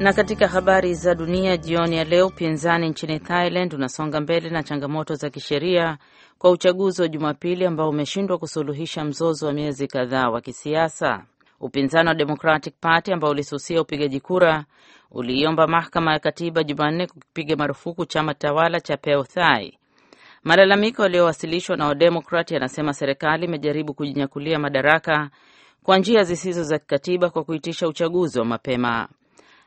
Na katika habari za dunia jioni ya leo, upinzani nchini Thailand unasonga mbele na changamoto za kisheria kwa uchaguzi wa Jumapili ambao umeshindwa kusuluhisha mzozo wa miezi kadhaa wa kisiasa. Upinzani wa Democratic Party ambao ulisusia upigaji kura uliiomba mahakama ya katiba Jumanne kukipiga marufuku chama tawala cha Pheu Thai. Malalamiko yaliyowasilishwa na Wademokrat yanasema serikali imejaribu kujinyakulia madaraka kwa njia zisizo za kikatiba kwa kuitisha uchaguzi wa mapema.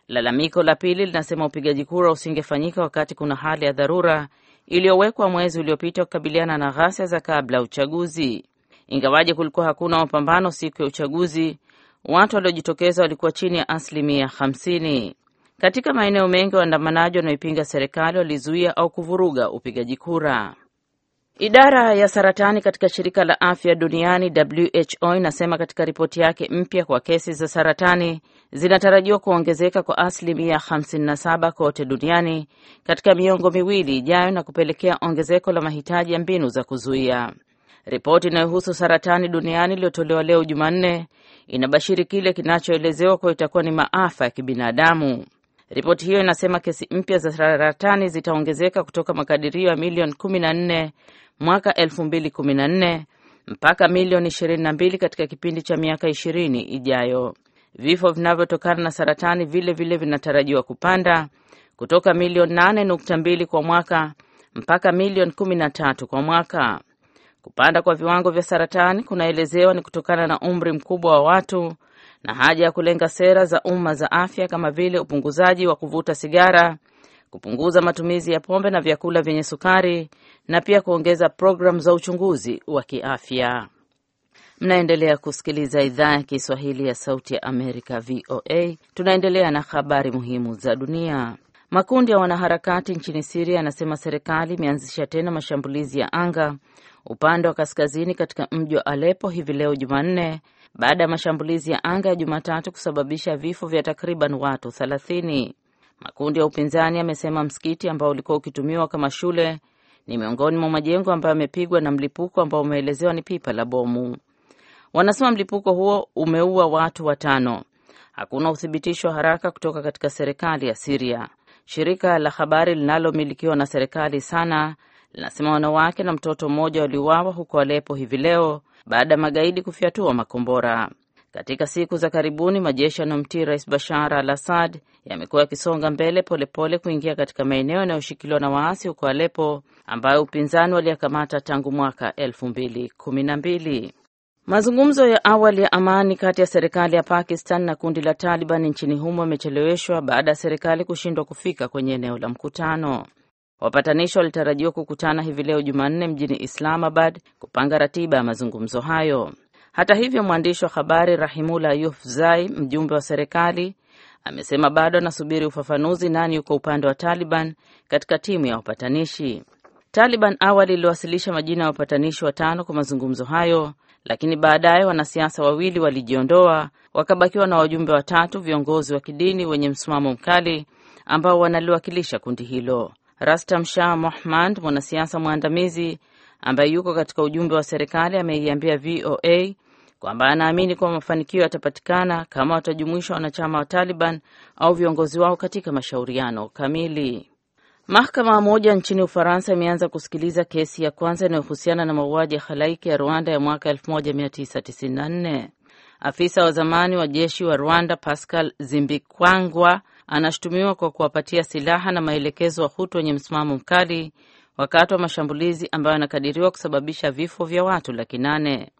Lalamiko la pili linasema upigaji kura usingefanyika wakati kuna hali ya dharura iliyowekwa mwezi uliopita kukabiliana na ghasia za kabla ya uchaguzi. Ingawaje kulikuwa hakuna mapambano siku ya uchaguzi, watu waliojitokeza walikuwa chini ya asilimia 50. Katika maeneo mengi, waandamanaji wanaoipinga serikali walizuia au kuvuruga upigaji kura. Idara ya saratani katika shirika la afya duniani WHO inasema katika ripoti yake mpya kwa kesi za saratani zinatarajiwa kuongezeka kwa asilimia 57 kote duniani katika miongo miwili ijayo na kupelekea ongezeko la mahitaji ya mbinu za kuzuia. Ripoti inayohusu saratani duniani iliyotolewa leo Jumanne inabashiri kile kinachoelezewa kuwa itakuwa ni maafa ya kibinadamu. Ripoti hiyo inasema kesi mpya za saratani zitaongezeka kutoka makadirio ya milioni 14 mwaka 2014 mpaka milioni 22 katika kipindi cha miaka 20 ijayo. Vifo vinavyotokana na saratani vile vile vinatarajiwa kupanda kutoka milioni 8.2 kwa mwaka mpaka milioni 13 kwa mwaka. Kupanda kwa viwango vya saratani kunaelezewa ni kutokana na umri mkubwa wa watu na haja ya kulenga sera za umma za afya kama vile upunguzaji wa kuvuta sigara, kupunguza matumizi ya pombe na vyakula vyenye sukari na pia kuongeza programu za uchunguzi wa kiafya. Mnaendelea kusikiliza idhaa ya Kiswahili ya Sauti ya Amerika, VOA. Tunaendelea na habari muhimu za dunia. Makundi ya wanaharakati nchini Siria yanasema serikali imeanzisha tena mashambulizi ya anga upande wa kaskazini katika mji wa Alepo hivi leo Jumanne, baada ya mashambulizi ya anga ya Jumatatu kusababisha vifo vya takriban watu 30. Makundi ya upinzani yamesema msikiti ambao ulikuwa ukitumiwa kama shule ni miongoni mwa majengo ambayo yamepigwa na mlipuko ambao umeelezewa ni pipa la bomu. Wanasema mlipuko huo umeua watu watano. Hakuna uthibitisho wa haraka kutoka katika serikali ya Siria. Shirika la habari linalomilikiwa na serikali sana linasema wanawake na mtoto mmoja waliuawa huko Alepo hivi leo baada ya magaidi kufyatua makombora. Katika siku za karibuni majeshi yanayomtii rais Bashar al Assad yamekuwa yakisonga mbele polepole pole kuingia katika maeneo yanayoshikiliwa na waasi huko Alepo ambayo upinzani waliyakamata tangu mwaka elfu mbili kumi na mbili. Mazungumzo ya awali ya amani kati ya serikali ya Pakistan na kundi la Taliban nchini humo yamecheleweshwa baada ya serikali kushindwa kufika kwenye eneo la mkutano. Wapatanishi walitarajiwa kukutana hivi leo Jumanne mjini Islamabad kupanga ratiba ya mazungumzo hayo. Hata hivyo, mwandishi wa habari Rahimullah zai mjumbe wa serikali, amesema bado anasubiri ufafanuzi nani yuko upande wa Taliban katika timu ya wapatanishi. Taliban awali iliwasilisha majina ya wapatanishi watano kwa mazungumzo hayo, lakini baadaye wanasiasa wawili walijiondoa, wakabakiwa na wajumbe watatu, viongozi wa kidini wenye msimamo mkali ambao wanaliwakilisha kundi hilo. Rastam Shah Mohmand, mwanasiasa mwandamizi ambaye yuko katika ujumbe wa serikali, ameiambia VOA kwamba anaamini kuwa mafanikio yatapatikana kama watajumuisha wanachama wa Taliban au viongozi wao katika mashauriano kamili. Mahakama moja nchini Ufaransa imeanza kusikiliza kesi ya kwanza inayohusiana na mauaji ya halaiki ya Rwanda ya mwaka 1994. Afisa wa zamani wa jeshi wa Rwanda Pascal Zimbikwangwa anashutumiwa kwa kuwapatia silaha na maelekezo wa hutu wenye msimamo mkali wakati wa mashambulizi ambayo anakadiriwa kusababisha vifo vya watu laki nane.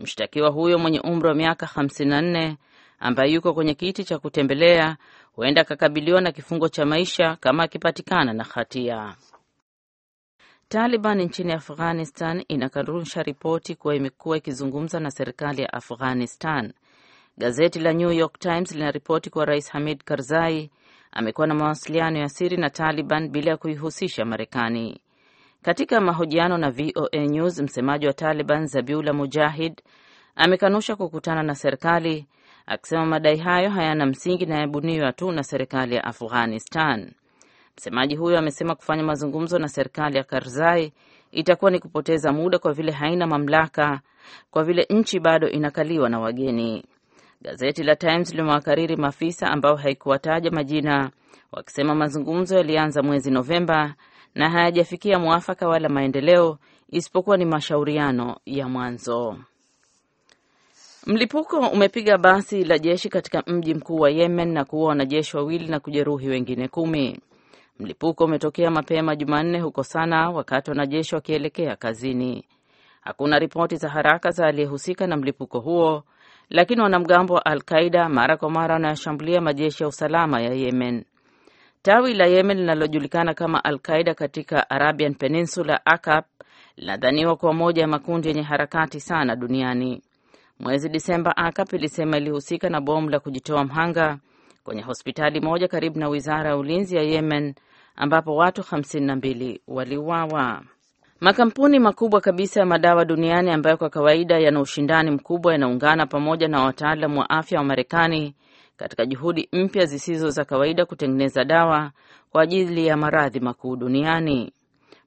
Mshtakiwa huyo mwenye umri wa miaka 54 ambaye yuko kwenye kiti cha kutembelea huenda akakabiliwa na kifungo cha maisha kama akipatikana na hatia. Taliban nchini Afghanistan inakanusha ripoti kuwa imekuwa ikizungumza na serikali ya Afghanistan Gazeti la New York Times linaripoti kuwa Rais Hamid Karzai amekuwa na mawasiliano ya siri na Taliban bila ya kuihusisha Marekani. Katika mahojiano na VOA News, msemaji wa Taliban Zabiula Mujahid amekanusha kukutana na serikali akisema madai hayo hayana msingi na yabuniwa tu na serikali ya Afghanistan. Msemaji huyo amesema kufanya mazungumzo na serikali ya Karzai itakuwa ni kupoteza muda kwa vile haina mamlaka, kwa vile nchi bado inakaliwa na wageni. Gazeti la Times limewakariri maafisa ambao haikuwataja majina, wakisema mazungumzo yalianza mwezi Novemba na hayajafikia mwafaka wala maendeleo isipokuwa ni mashauriano ya mwanzo. Mlipuko umepiga basi la jeshi katika mji mkuu wa Yemen na kuua wanajeshi wawili na kujeruhi wengine kumi. Mlipuko umetokea mapema Jumanne huko sana wakati wanajeshi wakielekea kazini. Hakuna ripoti za haraka za aliyehusika na mlipuko huo lakini wanamgambo wa Al-Qaida mara kwa mara wanayoshambulia majeshi ya usalama ya Yemen. Tawi la Yemen linalojulikana kama Al-Qaida katika Arabian Peninsula ACAP, linadhaniwa kuwa moja ya makundi yenye harakati sana duniani. Mwezi Disemba, acap ilisema ilihusika na bomu la kujitoa mhanga kwenye hospitali moja karibu na wizara ya ulinzi ya Yemen ambapo watu 52 waliuawa. Makampuni makubwa kabisa ya madawa duniani ambayo kwa kawaida yana ushindani mkubwa yanaungana pamoja na wataalam wa afya wa Marekani katika juhudi mpya zisizo za kawaida kutengeneza dawa kwa ajili ya maradhi makuu duniani.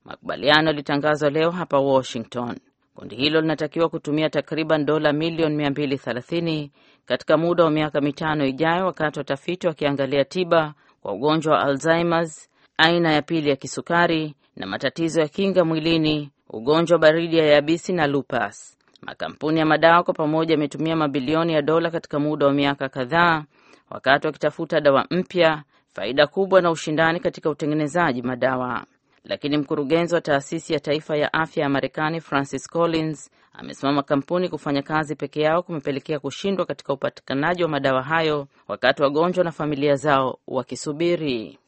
Makubaliano yalitangazwa leo hapa Washington. Kundi hilo linatakiwa kutumia takriban dola milioni 230 katika muda wa miaka mitano ijayo, wakati watafiti wakiangalia tiba kwa ugonjwa wa Alzheimer's, aina ya pili ya kisukari na matatizo ya kinga mwilini, ugonjwa wa baridi ya yabisi na lupus. Makampuni ya madawa kwa pamoja yametumia mabilioni ya dola katika muda wa miaka kadhaa, wakati wakitafuta dawa mpya, faida kubwa na ushindani katika utengenezaji madawa. Lakini mkurugenzi wa taasisi ya taifa ya afya ya Marekani Francis Collins amesema makampuni kufanya kazi peke yao kumepelekea kushindwa katika upatikanaji wa madawa hayo, wakati wagonjwa na familia zao wakisubiri.